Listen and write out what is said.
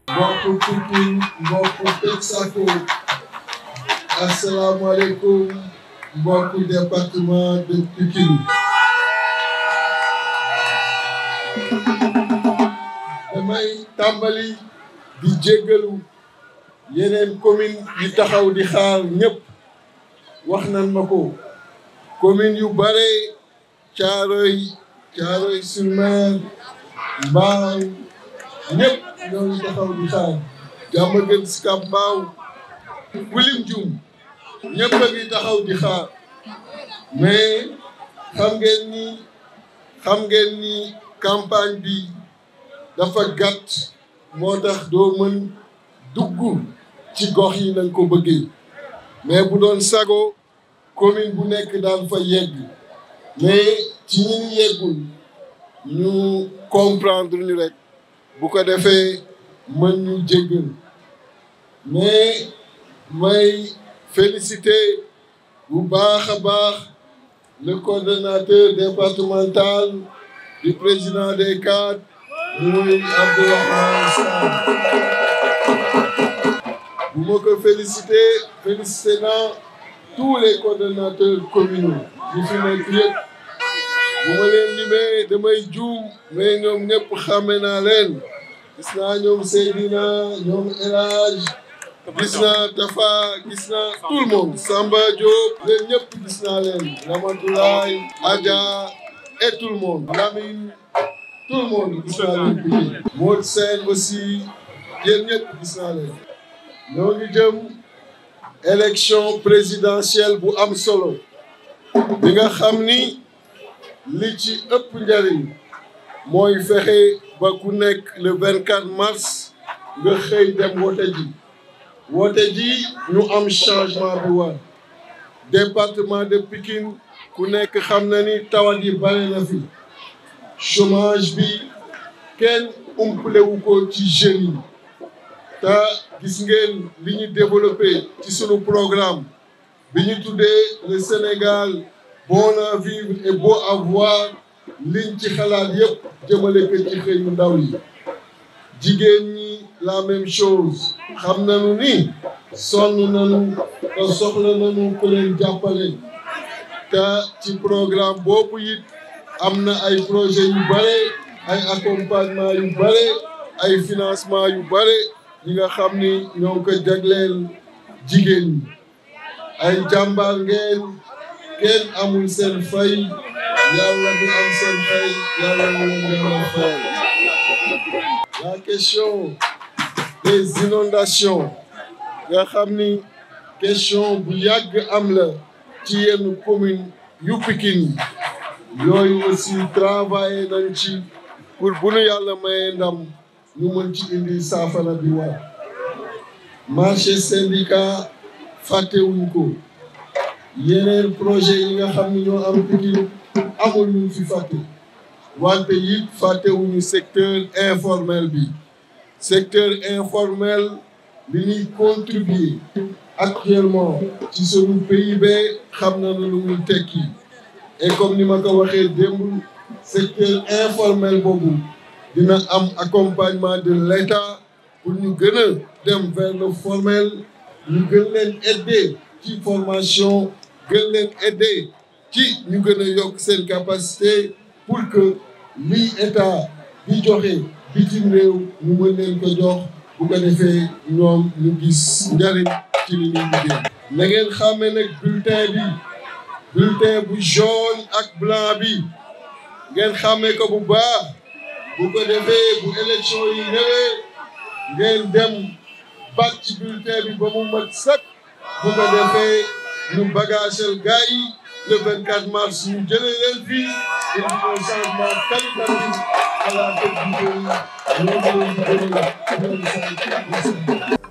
mbokku Pikine mbokku Texaco asalaamualeykum mbokku département de Pikine damay tàmbali di jéggalu yeneen commune yu taxaw di xaar ñëpp wax nan ma ko commune yu bare caaroy caaroy sur mer mbaaw ñëpp ñoo ngi taxaw di xaar jàmm gën si kàb mbaaw kulim a ngi taxaw di ngeen ni xam ni campagne bi dafa gàtt moo tax doo ci gox yi nañ ko bëggee mais bu doon sago commune bu nekk daan fa yegg mais ci ñin yeggul ñu comprendre ñu rek bu ko defee mën ñu jéggal mais may féliciter bu baax a baax le coordonnateur départemental du président des cadres muy Abdourahmane Sarr bu ma ko féliciter féliciter tous les coordonnateurs communaux bu ma leen limee damay juum mais ñoom ñëpp xàmme naa leen gis naa ñoom Seydina ñoom El Hadj gis naa Tafa gis tout le monde Samba Diop leen ñëpp gis naa leen Ramatoulaye Adja et tout le monde Lamine tout le monde gis leen bii Modou aussi yéen ñëpp gis leen ñoo ngi jëm élection présidentielle bu am solo bi nga xam ni li ci ëpp njariñ mooy fexe ba ku nekk le 24 mars nga xëy dem woote ji woote ji ñu am changement bu war département de Pikine ku nekk xam na ni tawal yi bare na fi chômage bi kenn umpale wu ko ci jeunes yi te gis ngeen li ñu développé ci sunu programme bi ñu tuddee le Sénégal bon à vivre et beau à liñ ci xalaat yépp jëmale ko ci xëy ndaw yi jigéen ñi la même chose xam nañu ni sonn nañu te soxla nañu ku jàppale te ci programme boobu it am na ay projet yu bare ay accompagnement yu bare ay financement yu bare yi nga xam ni ñoo ko jagleel jigéen ñi ay jàmbaar ngeen kenn amul seen fay yàlla du am seen fay yàlla du am fay la question des inondations nga xam ni question bu yàgg am la ci yenn commune yu Pikin yooyu aussi travaillé nañ ci pour bu yàlla mayee ndam mën ci indi saafara bi war marché syndicat fàttewuñ ko yeneen projet yi nga xam ne ñoo am Pikine amul ñu fi fàtte wante it fàttewuñu secteur informel bi secteur informel bi ñuy contribuer actuellement ci sunu PIB xam na lu muy tekki et comme ni ma ko waxee démb secteur informel boobu dina am accompagnement de l'État pour ñu gën dem vers formel ñu gën leen aider formation gën leen aider ci ñu gën a yokk seen capacité pour que li état di joxe bitim réew ñu mën leen ko bu ko defee ñoom ñu gis njariñ ci li ñuy liggéey. na ngeen xàmme nag bulletin bi bulletin bu jaune ak blanc bi ngeen xàmme ko bu baax bu ko defee bu élection yi ñëwee dem. baat ci bulletin bi ba mu mat sëkk bu ko defee ñu bagaasal gars yi le 24 mars ñu jëlee leen fii indi ko changement qualitatif à la tête du pays